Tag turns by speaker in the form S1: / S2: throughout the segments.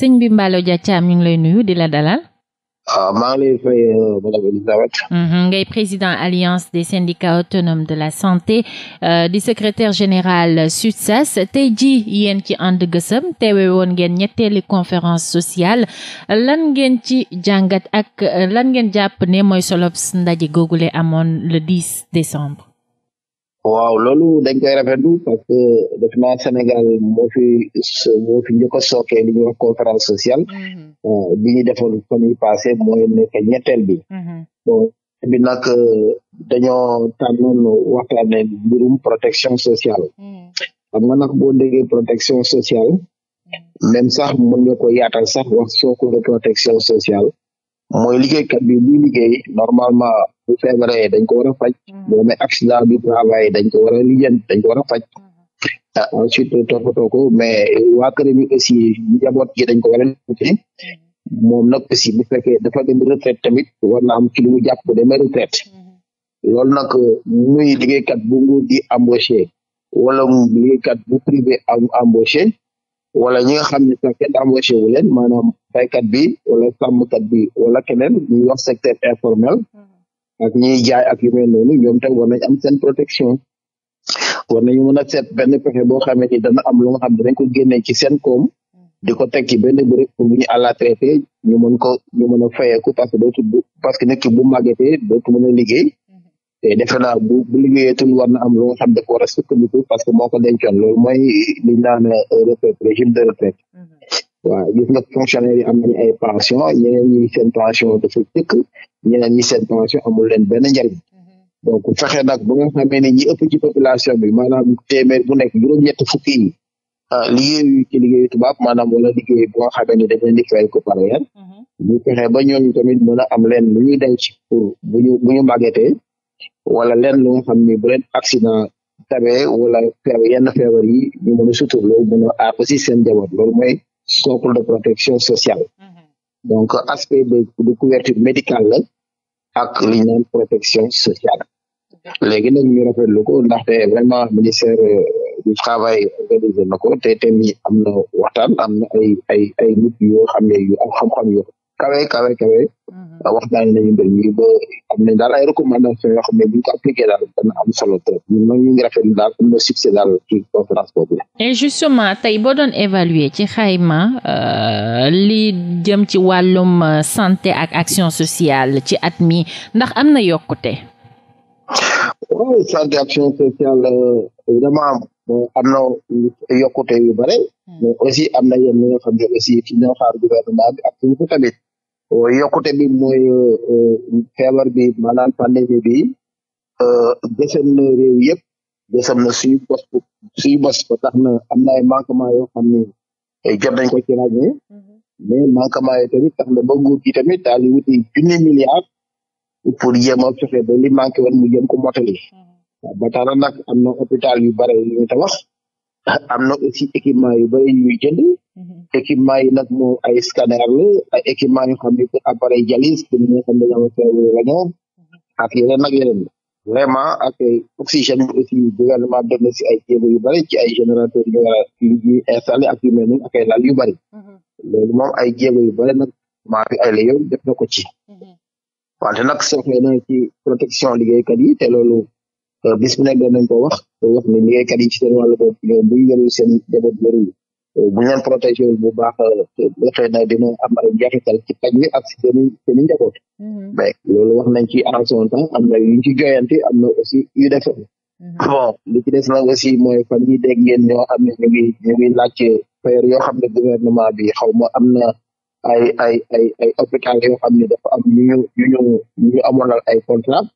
S1: sëñ bi Mballo Dia Thiam ñu ngi lay nuyu di la dalal.
S2: Ah, maa ngi lay fay euh, madame Elisabeth.
S1: Mm-hmm, président alliance des syndicats autonomes de la santé euh, di secrétaire général SUTSAS tey jii yéen ci And Gueusseum teewe woon ngeen ñetteeli conférence sociale lan ngeen ci jàngat ak lan ngeen jàpp ne mooy solof ndaje googule amoon le 10 décembre.
S2: waaw loolu dañ koy rafetlu parce que def naa moo fi moo fi njëkk a li ñuy wax conférence sociale mm-hmm. euh, bi ñu defoon fan yi passé mooy nekk ñetteel bi mm-hmm. bon bi nag euh, dañoo tànnoon waxtaane mbirum protection sociale mm-hmm. xam nga nag boo déggee protection sociale même sax mën nga ko yaatal sax wax socle de sociale mooy liggéeykat bi buy liggéey normalement bu feebaree dañ ko war a faj mm. bu amee accident du dañ ko war a dañ ko war a faj mm-hmm. ah, ensuite toppatoo ko mais waa kër bi aussi njaboot gi dañ ko war a liggéey mm-hmm. moom nag aussi bu fekkee dafa dem retraite tamit war am ci lu mu jàpp demee retraite mm-hmm. loolu nag muy liggéeykat bu nguur di embauché wala liggéeykat bu privé am wala ñi nga xam ne sax kenn embauché wu leen maanaam baykat bi wala sàmmkat bi wala keneen ñuy wax secteur informel hmm. ak jaay ak yu mel noonu ñoom tam war nañ am seen protection war nañu mën a seet benn pexe boo xamee ni dana am lu nga xam ne dañ ko génnee ci seen koom hmm. di ko teg ci benn béréb pour bu ñu àlla traité ñu mën ko ñu mën a fayeeku parce que dootu parce que nit ki bu màggetee dootu a liggéey te defe naa bu bu liggéeyatul war na am lu nga xam dafa war a sukkandiku parce que moo ko dencoon loolu mooy li ñu euh, de retraite mm-hmm. waaw nga fonctionnaire yi am leen benn njariñ mm-hmm. ba nga xamee ne ñi ëpp ci population bi maanaam téeméer bu nekk juróom-ñett fukki yi ah, tubaab maanaam wala liggéey bu nga xamee ne dañ leen di fay ko par mm-hmm. ba ñooñu tamit mën a am leen lu ñuy denc pour bu ñu wala lenn lu nga xam ni bu leen accident tabee wala feebar yenn feebar yi ñu mën a suturloo mën a aar aussi seen njaboot loolu mooy socle de protection sociale mm-hmm. donc aspect de de couverture médicale la ak li ñu naan protection sociale léegi nag ñu rafetlu ko ndaxte vraiment ministère euh, du travail organisé na ko te tamit yi am na waxtaan kawe kawe kawe mm-hmm. waxtaan nañu mbir mi ba am nañ daal ay recommandations yoo xam ne bu ñu daal dana am solo trop ñun ñu succès daal ci conférence boobu la.
S1: et justement tey boo doon évaluer ci xayma euh, li jëm ci wàllum santé ak action sociale ci at mi ndax am na yokkute.
S2: Euh, am na yokkute yu bare. Hmm. mais aussi am na yenn yoo xam ne aussi ci ñoo xaar gouvernement ak suñu ko tamit. yokkute bi mooy e, feebar bi maanaam pandémie bi e, desal na réew yëpp desal na suñu bos suñu bos ba tax na am ay manquement yoo xam ne jot nañ ko ci mm-hmm. manquement yi tamit ba nguur tamit daal di wuti junni milliards pour jéem a fexe li manqué woon mu ko motali mm-hmm. ba tax nag am na hôpital yu bare yu ñu tabax am na aussi équipement yu bare yu ñuy Mm-hmm. équipement yi nag moom ay scanner la ay équipement yoo xam ne appareil dialyse pour ñi nga xam ne vraiment ak oxygène aussi gouvernement def na si ay jéego yu bëri ci ay générateur yu ñuy installé ak yu mel noonu ak lal yu bëri mm-hmm. loolu moom ay jéego yu bëri nag maa fi ay la def na ko ci mm-hmm. wante nag soxla na ci protection liggéeykat yi te loolu euh, bis bu nekk danañ ko wax te wax ni liggéeykat yi ci seen wàllu bopp ñoom bu ñu yorul seen njaboot yorul bu ñu leen bu baax euh, xëy na dina am ay jafe-jafe ci paj bi ak seen i seen i njaboot. Mm-hmm. loolu wax nañ ci en son temps am na yu ci joyanti am na aussi yu defar. Mm-hmm. bon li ci des nag aussi mooy fan yii dégg ngeen ñoo ne ñu ngi ñu ngi laajte yoo xam ne gouvernement bi xaw ma am na ay ay ay ay hôpital yoo xam ne dafa am ñu ñu ñu ñu amoonal ay contrat.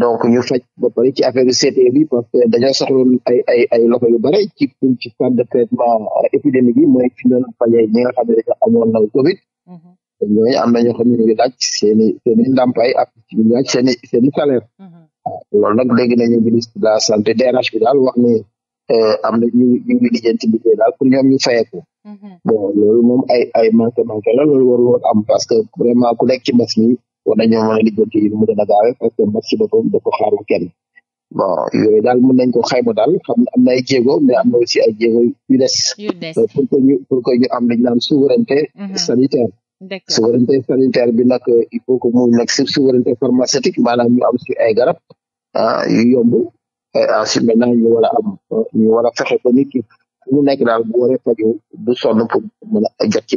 S2: donc ñu faj ba pare ci affaire CT bi parce que dañoo soxloon ay yu bare ci ci cadre de traitement euh, épidémique yi mooy fi doon fajee ñi nga xam ne amoon na mhm. am na ñoo xam ne ñu ngi laaj seen i seen i ndàmpaay ak ñu ngi laaj i seen i salaire mhm. loolu nag léegi nañu ministre de santé DRH bi daal wax ni euh, am na ñu ñu ngi lijjanti ñu fayeeku mhm. bon loolu moom ay ay manqué manqué la loolu warul woon am parce que vraiment ku nekk ci mbas mi war nañoo mën a lijjanti yi mu gën a gaawee parce que match boppam da ko xaarul kenn bon yooyu daal mën nañ ko xayma daal xam am na ay jéego mais am na aussi ay jéego yu des euh, pour que ñu pour que ñu am lañ mhm. sanitaire souveraineté sanitaire bi nag euh, il faut que mu nekk sur pharmaceutique maanaam ñu am si ay garab ah yu yomb ah a am ñu war a fexe ba ñu nekk daal ci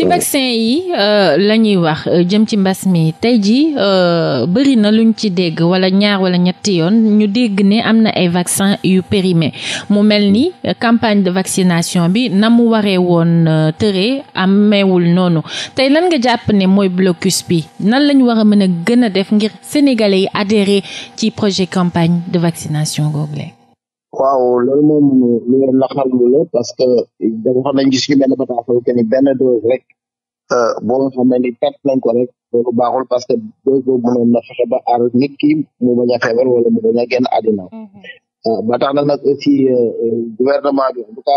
S1: mhm. vaccin yi euh, la ñuy wax euh, jëm ci mbas mi tey ji euh, bëri na luñ ci dégg wala ñaar wala ñetti yoon ñu dégg ne am na ay vaccin yu périmé mu mel ni campagne de vaccination bi na mu waree woon tëre am ameewul noonu tey lan nga jàpp ne mooy blocus bi nan lañ war a mën a gën a def ngir sénégalais yi adhéré ci projet campagne de vaccination googu
S2: waaw loolu moom lu ngeen naxarlu la parce que dafa xam nañ gis ñu benn bataaxal que ni benn dose rek euh, boo nga xam ne ni perte nañ ko rek loolu baaxul parce que dose boobu mënoon na fexe ba aar nit ki mu bañ feebar wala mu bañ a génn àddina mm-hmm. euh, na nag aussi euh, gouvernement bi en tout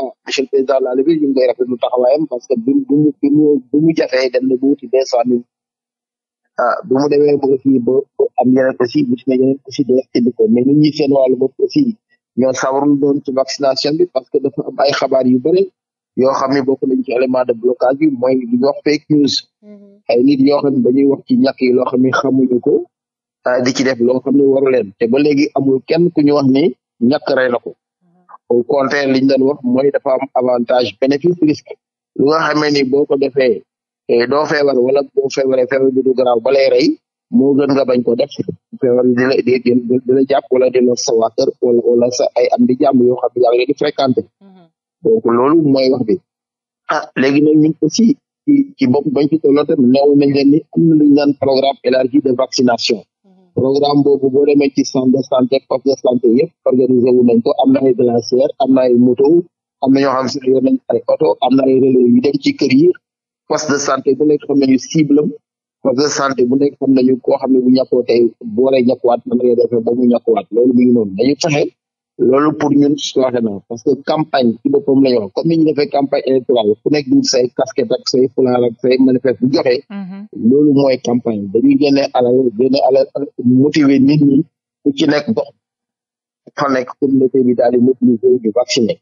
S2: bi bi mu bi mu bi mu jafee dem na bu wuti deux cent mille ah bi mu am yeneen aussi bu ci ne yeneen aussi day ko mais nit seen wàllu bopp aussi ñoo sawarul doon ci vaccination bi parce que dafa am ay xabaar yu bëri yoo xam ne bokk nañ ci élément de blocage bi mooy li ñuy fake news mm-hmm. ay nit yoo xam ne dañuy wax ci ñàkk yi loo xam ne xamuñu ko ah, di ci def loo xam ne waru leen te ba léegi amul kenn ku ñu wax ni ñàkk rey na ko mm-hmm. au contraire li ñu doon wax mooy dafa am avantage bénéfice risque lu nga xamee ni boo ko defee eh, doo feebar wala boo feebaree feebar bi du garaaw ba lay rey moo a nga bañ ko def feebar bi wala dina sa waa kër wala wala sa ay am di jàmm yoo xam ne yaa ngi leen fréquenté mm-hmm. loolu mooy wax bi a ah, léegi nag ñun aussi ci ci bopp bañ ci tolloo tam néew nañ leen ni am na programme élargi de vaccination mm-hmm. programme boobu boo demee ci centre de santé poste de santé yëpp organisé wu nañ ko am na ay glacière am na a moto am na xam si ay oto am na ay relais yu dem ci kër yi poste de santé bu nekk xam nañu cible parce que santé bu nekk xam nañu koo xam ne bu ñàkkoo tey boo lay ñàkkuwaat defee ba mu ñàkkuwaat loolu mu ngi noonu dañu fexe loolu pour ñun sooxe na parce que campagne ci boppam la ñu wax comme ni ñu campagne électorale ku nekk di say casquette say fulaar ak say manifeste bu joxe. Mhm. loolu mooy campagne dañuy génne alal génne alal motiver nit ñi ku ci nekk dox fa nekk communauté bi daal di mobiliser ñu vacciner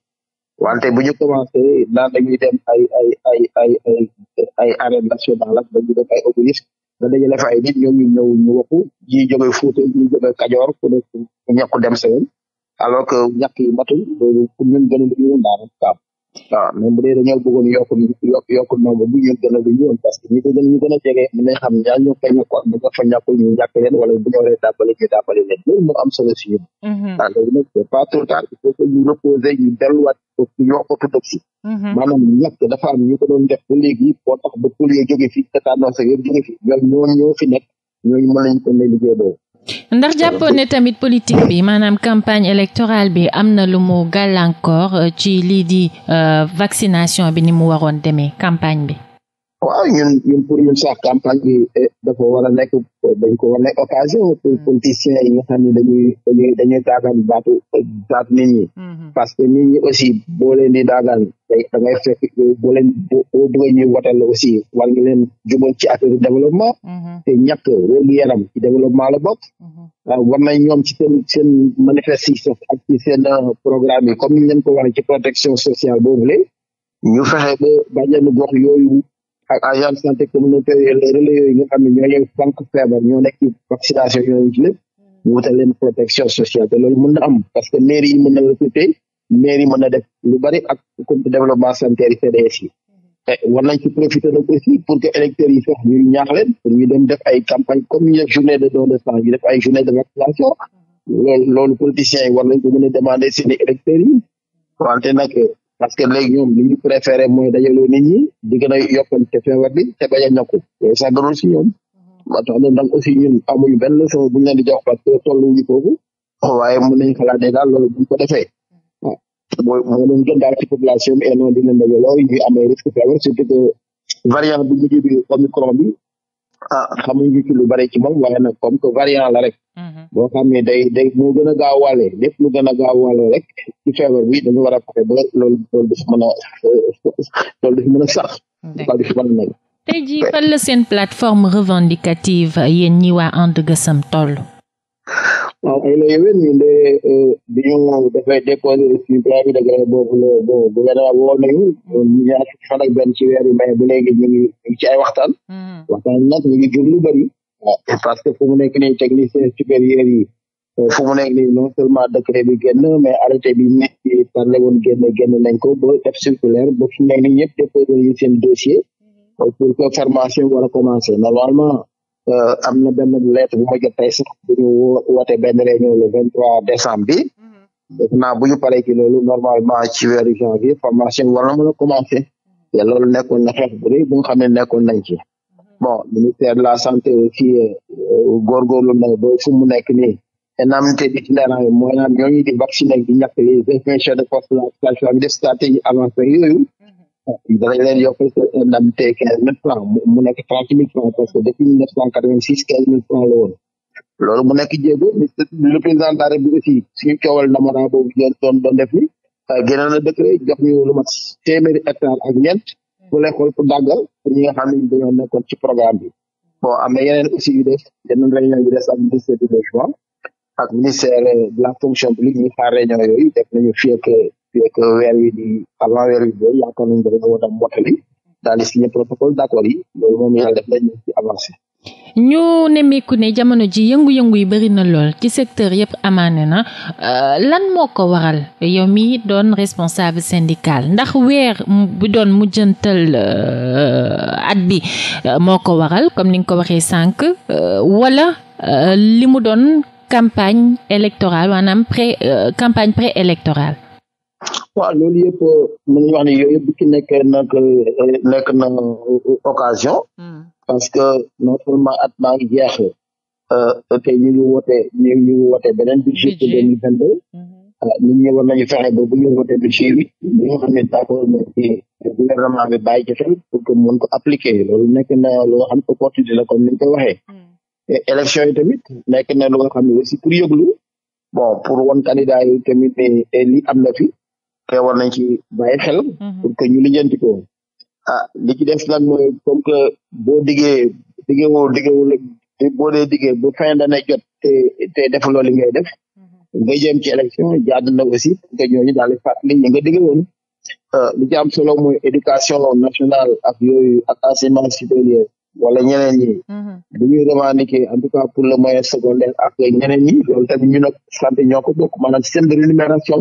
S2: wante bu ñu commencé naan dañuy dem ay ay ay ay ay ay arène nationale ak dañuy dem ay obélisque da dajale fa ay nit ñoom ñu ñëw ñu waxu ji jóge Fuuta ji jóge Kajoor ku nekk ñàkku dem seen alors que ñàkk yi matul loolu ñun gënal ñu waaw même bu dee dañoo bëggoon yokk yokk yokk nombre bi ñu gën a lu ñu woon parce que ñi ko gën ñu gën a jege mën nañ xam ñaar ñoo fay ñàkk bu ñu fa ñàkkul ñu ñàkk leen wala bu ñu waree tàmbali ñu tàmbali leen loolu moo am solo si ñun. Mm-hmm. ah fi nekk ñooñu mën nañu ko liggéey boobu.
S1: ndax jàppoon ne tamit politique bi maanaam campagne électorale bi am na lu mu gàllankoor euh, ci lii di euh, vaccination bi ni mu waroon demee campagne bi.
S2: waaw ñun ñun pour ñun sax campagne bi eh, dafa war a nekk a nekk occasion pour mm-hmm. politiciens yi xam ne dañuy dañuy dañuy daagaan ñi mm-hmm. parce que ñi aussi boo leen di daagaan da ngay fekk boo leen boo bëggee ñuy wotal la aussi war nga leen jubal ci affaire développement mm-hmm. te ñàkk wérgu yaram ci développement la bokk war nañ ñoom ci seen seen manifestation ak ci seen euh, programme yi comme ni ñu leen ko waxee ci protection sociale boobule ñu fexe ba bàjjenu gox yooyu ak agence santé communautaire yooyu les relais yooyu nga feebar ñoo nekk vaccination yooyu ci lépp ñu leen protection sociale parce que mairie yi mën na mairie mën na def lu bari ak compte développement sanitaire yi CDS yi war nañ ci profiter pour que électeurs yi ñaax leen pour dem def ay campagne comme ñu journée de don de sang ñu def ay journée de vaccination loolu loolu yi war nañ ko mën a demander seen i électeurs yi wante nag parce que léegi ñoom li ñu mooy dajaloo nit ñi di gën a yokkante feebar bi te bañ a ñàkku yooyu sax gënul si ñoom mhm. moo benn leçon bu ñu leen di parce que tolluñu foofu waaye mën daal loolu buñ ko defee mooy moo doon gën daal ci population bi et non dinañ dajaloo ñuy amee risque feebar surtout variant bu mujj bi omicron bi ah xamuñu ci lu bari ci moom waaye nag comme que variant la rek Mm-hmm. boo xam ne day day moo gën a gaaw wàlle lépp lu gën a gaaw wàlle rek ci feebar bi dañu war a fexe ba loolu loolu du fi mën a loolu du a sax loolu du fi mën a nekk
S1: tey jii fan la seen plateforme revendicative yéen ñi waa And Gueusseum toll
S2: waaw ay la yowén ñu de euh, bi ñu dafay déposé suñu préavis de grève boobu la bon nañu ñaar fukki fan ak benn ci weer yi mais ba léegi ñu ngi ay waxtaan mm-hmm. waxtaan nag ñu ngi jur waaw parce que fu mu nekk nii technicien supérieur yi euh, fu mu nekk nii non seulement décret bi génn mais arrêté bi nekk ci parlé woon génn génn nañ ko ba def circulaire ba fu nekk nii ñëpp déposé nañu seen dossier mm-hmm. euh, pour que formation war a commencer normalement euh, am na benn let bu ma jot tey sax bu ñu woote benn le vingt trois décembre bi mm-hmm. def naa bu ñu paree ci loolu normalement ci weeru janvier formation war na a commencer mm-hmm. te loolu nekkoon na xeex bu rëy bu nga xam ne nekkoon nañ ci bon ministère de la santé aussi euh, euh, góorgóorlu na ba fu mu nekk nii énormément d'itinéraires yi mooy naan ñooñu di vacciner di ñàkk les infections de poste de la population ak des stratégies avancées mhm. mu nekk trente mille francs parce que depuis mille neuf cent quatre vingt six quinze mille francs la woon loolu mu nekk jéego le président de la République aussi suñu def ni euh, génnoon na décret jox ñu bu nekkoon pour dàggal pour ñi nga xam ne dañoo nekkoon ci programme bi bon am na yeneen aussi yu des yeneen réunion yu des ak ministère du logement ak de la fonction publique ñuy xaar réunion yooyu def nañu fii ak fii ak weer wi di avant weer wi boobu yaakaar nañu dañoo war a mottali daal protocole d' accord yi loolu moom yàlla def nañu ci avancé
S1: ñu nemmeeku ne jamono ji yëngu-yëngu yi bëri na lool ci secteur yëpp amaane na euh, lan moo ko waral yow mi doon responsable syndical ndax weer bu doon mujjantal euh, at bi euh, moo ko waral comme ni nga ko waxee sànq wala li mu doon campagne électorale maanaam pré campagne pré
S2: yooyu bu ci nag nekk na occasion hmm. parce que non seulement at maa ngi jeex tey euh, ñu ngi woote ñu ngi woote beneen budget pour deux mille vingt deux mm-hmm. euh, nit ñi war nañu fexe ba bu ñu woote budget bi bi nga xam ne d'accord na ci gouvernement bi bàyyi ci xel pour que mën ko appliquer loolu nekk na loo xam opportunité la comme ni ñu koy mm. élection yi tamit nekk na loo xam ne aussi pour yëglu bon pour won candidat yi tamit ne eh, te war ci bàyyi xel mm-hmm. pour que ñu lijjanti ah li ci des nag mooy comme que boo diggee diggewoo diggewul boo dee diggee bu fin d'année jot te te defuloo li ngay def mhm. nga jëm ci élection jaadu na aussi que ñooñu daal di fàttali ñi nga digge woon ah, li ci am solo mooy éducation nationale ak yooyu ak enseignement supérieur wala ñeneen ñi bu mhm. ñuy revendiquer en tout cas pour le moyen secondaire ak ñeneen ñi loolu tamit ñu nag sant ñoo ko bokk de rémunération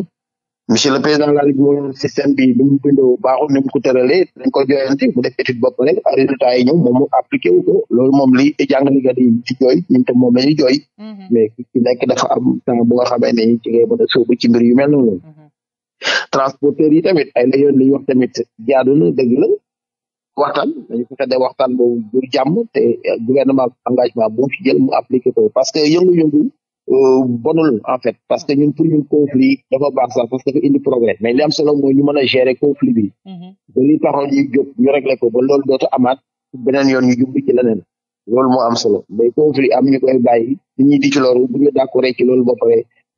S2: monsieur le président de la bi bu mu bindoo baaxul ni mu ko tëralee dañ ko jooyanti mu def étude bopp rek résultat moom mu appliqué wu ko loolu moom li jàngalekat yi jooy ñun tam moom la jooy mhm. mais ku ci nekk dafa am bu nga xamee ne ci ngay mën a ci mbir yu mel noonu mhm. transporteurs yi tamit ay la yoon li ñu wax la waxtaan dañu fexe de waxtaan bo du jàmm te gouvernement engagement bu mu fi jël mu appliqué ko parce que yëngu-yëngu Euh, bonul en fait parce que ñun pour ñun conflit dafa baax sax parce que dafa indi progrès mais li am solo mooy ñu mën a gérer conflit bi mhm. ba li taxoon yi ñu réglé ko ba loolu dootu amaat beneen yoon ñu jublu ci leneen loolu moo am solo mais conflit am ñu koy bàyyi nit ñi di ci loolu bu ñu d'accord loolu ba pare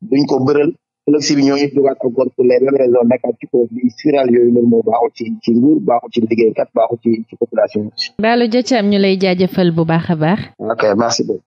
S2: duñ ko bëral ëllëg si ñooñu dugaat encore pour les mêmes raisons yooyu loolu moo baaxul ci nguur baaxul ci liggéeykat baaxul ci ci population bi.
S1: Mballo ñu lay jaajëfal
S2: a